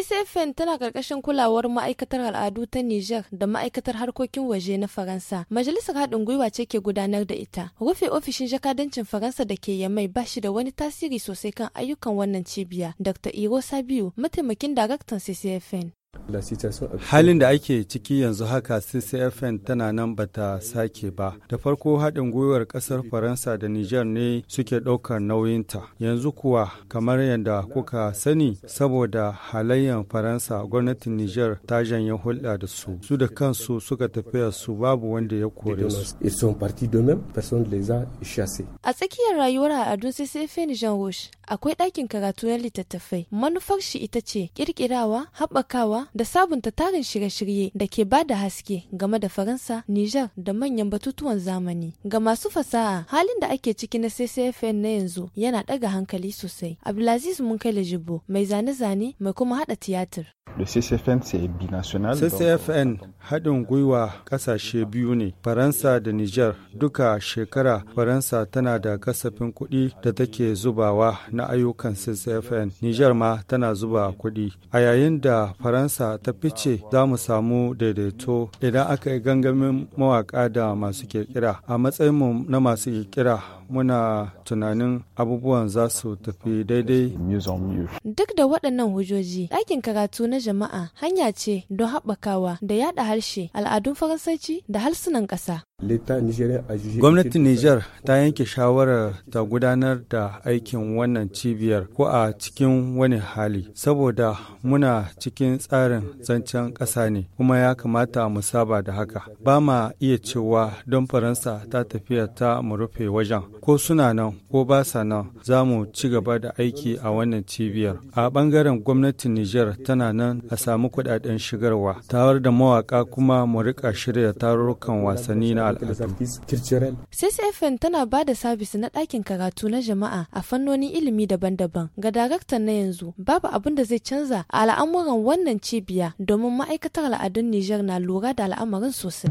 CCFN tana karkashin kulawar ma'aikatar al'adu ta Niger da ma'aikatar harkokin waje na Faransa. Majalisar haɗin gwiwa ce ke gudanar da ita. Rufe ofishin jakadancin Faransa da ke Yamai ba shi da wani tasiri sosai kan ayyukan wannan cibiya. Dr. Iro Sabiu, mataimakin daraktan CCFN. Halin da ake ciki yanzu haka CCFN tana nan bata sake ba. Da farko haɗin gwiwar ƙasar Faransa da Nijar ne suke ɗaukar nauyinta. Yanzu kuwa kamar yadda kuka sani saboda halayen Faransa gwamnatin Nijar ta janye hulɗa da su. Su da kansu suka tafiya su babu wanda ya kore su. A tsakiyar rayuwar a adun CCFN Jean akwai ɗakin karatu na littattafai. Manufar shi ita ce ƙirƙirawa, haɓakawa da sabunta tarin shirye-shirye da ke ba da haske game da Faransa, Nijar da manyan batutuwan zamani. Ga masu fasaha, halin da ake ciki na CCFN na yanzu yana ɗaga hankali sosai. Abdulaziz Munkaila Jibo, mai zane-zane mai kuma haɗa tiyatir. CCFN CCFN haɗin gwiwa ƙasashe biyu ne, Faransa da Nijar duka shekara Faransa tana da kasafin kuɗi da take zubawa na ayyukan CCFN. niger ma tana zuba kuɗi. A yayin da Faransa ta fice za mu samu daidaito idan aka yi gangamin mawaƙa da masu kirkira. A matsayinmu na masu kirkira muna tunanin abubuwan za su tafi daidai. Duk da waɗannan hujjoji, ɗakin karatu na jama'a hanya ce don haɓakawa da yaɗa harshe, al'adun Faransanci da harsunan ƙasa. Gwamnatin Nijar ta yanke shawarar ta gudanar da aikin wannan cibiyar ko a cikin wani hali, saboda muna cikin tsarin zancen ƙasa ne, kuma ya kamata mu saba da haka. Ba ma iya cewa don Faransa ta tafiya ta mu rufe wajen, ko suna nan ko ba sa nan za mu ci gaba da aiki a wannan cibiyar. A bangaren gwamnatin Nijar tana nan a samu kuɗaɗen shigarwa, tawar da mawaƙa kuma mu riƙa shirya tarurrukan wasanni na al'adu. tana ba da sabis na ɗakin karatu na jama'a a fannonin ilimi daban-daban. Ga daraktan na yanzu, babu abin da zai canza a al'amuran wannan cibiya domin ma'aikatar al'adun Nijar na lura da al'amarin sosai.